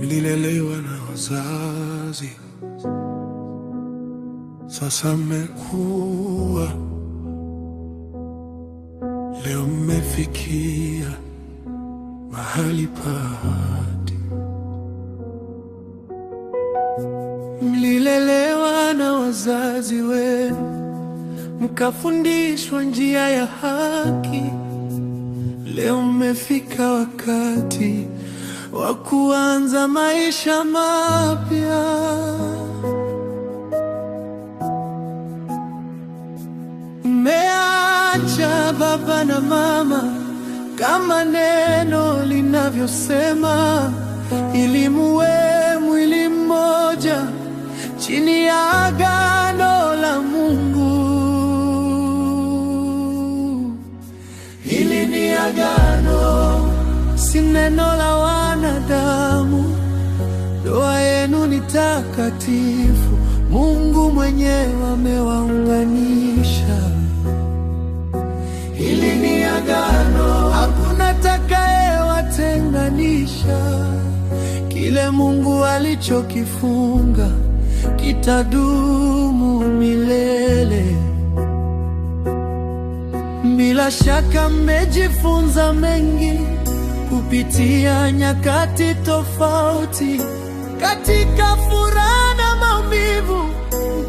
Nililelewa na wazazi, sasa mmekuwa, leo mmefikia mahali pati Mlilelewa na wazazi wenu, mkafundishwa njia ya haki, leo mmefika wakati wa kuanza maisha mapya. Mmeacha baba na mama, kama neno linavyosema, ili muwe mwili mmoja chini ya agano la Mungu. Hili ni agano, si neno la wanadamu, ndoa yenu ni takatifu, Mungu mwenyewe amewaunganisha. Hili ni agano, hakuna atakayewatenganisha. Kile Mungu alichokifunga kitadumu milele. Bila shaka mmejifunza mengi kupitia nyakati tofauti, katika furaha na maumivu,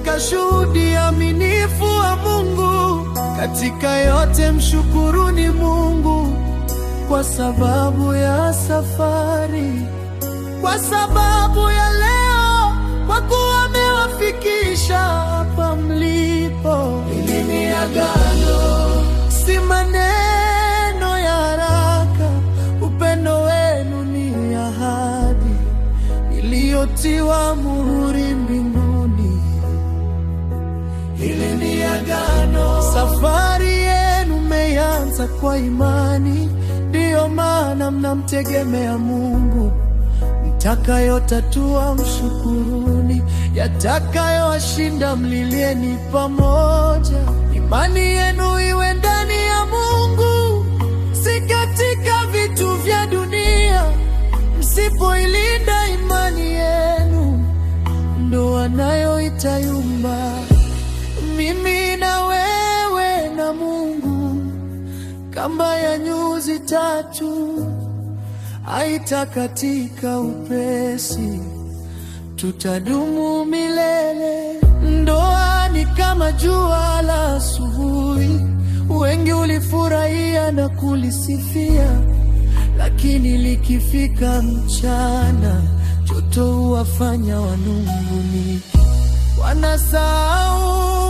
mkashuhudia uaminifu wa Mungu. Katika yote mshukuruni Mungu kwa sababu ya safari, kwa sababu ya leo, kwa kuwa amewafikisha hapa mlipo. Hili ni agano kutiwa muhuri mbinguni. Hili ni agano. Safari yenu mmeanza kwa imani, ndiyo maana mnamtegemea Mungu. Mtakayotatua mshukuruni, yatakayowashinda mlilieni pamoja. Imani yenu iwe ndani ya Mungu, si katika vitu vya dunia. Msipoilinda nayo yumba Mimi na wewe na Mungu, kamba ya nyuzi tatu, haitakatika upesi, tutadumu milele. Ndoa ni kama jua la asubuhi, wengi ulifurahia na kulisifia, lakini likifika mchana moto wafanya wanunguni, wanasahau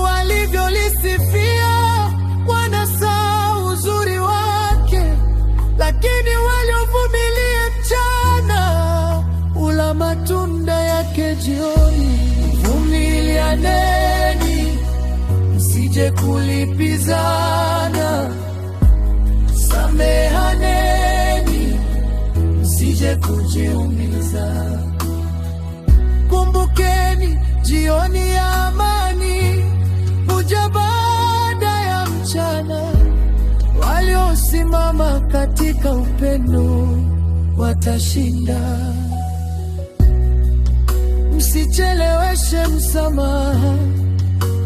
walivyolisifia, wanasahau uzuri wake, lakini waliovumilia mchana ula matunda yake jioni. Vumilianeni, msije kulipizana, samehaneni, msije kujiumiza. Wageni jioni ya amani huja baada ya mchana. Waliosimama katika upendo watashinda. Msicheleweshe msamaha,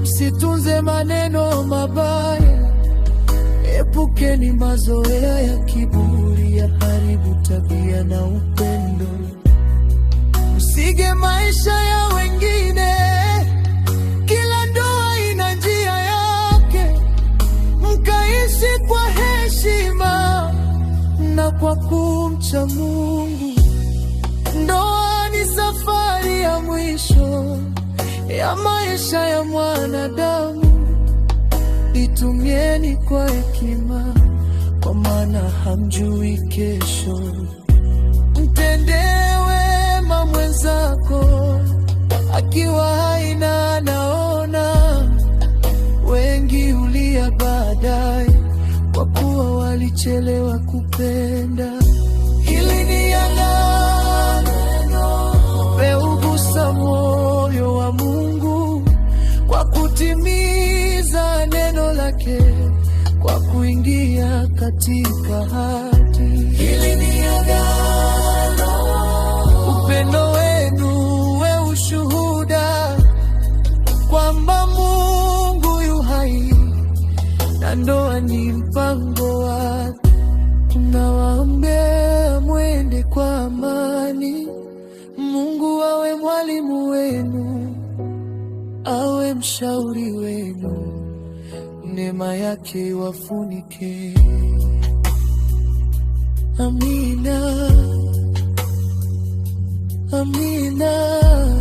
msitunze maneno mabaya, epukeni mazoea ya kiburi, ya haribu tabia na upendo, msige maisha ya kuishi kwa heshima na kwa kumcha Mungu. Ndoa ni safari ya mwisho ya maisha ya mwanadamu, itumieni kwa hekima, kwa maana hamjui kesho. Mtendee wema mwenzako akiwa kuchelewa kupenda. Hili ni agano, umeugusa moyo wa Mungu kwa kutimiza neno lake, kwa kuingia katika hadi. Hili ni agano, upendo wenu we ushuhuda kwamba Mungu yu hai na ndoa ni mpango wa amani. Mungu awe mwalimu wenu, awe mshauri wenu, neema yake iwafunike. Amina, amina.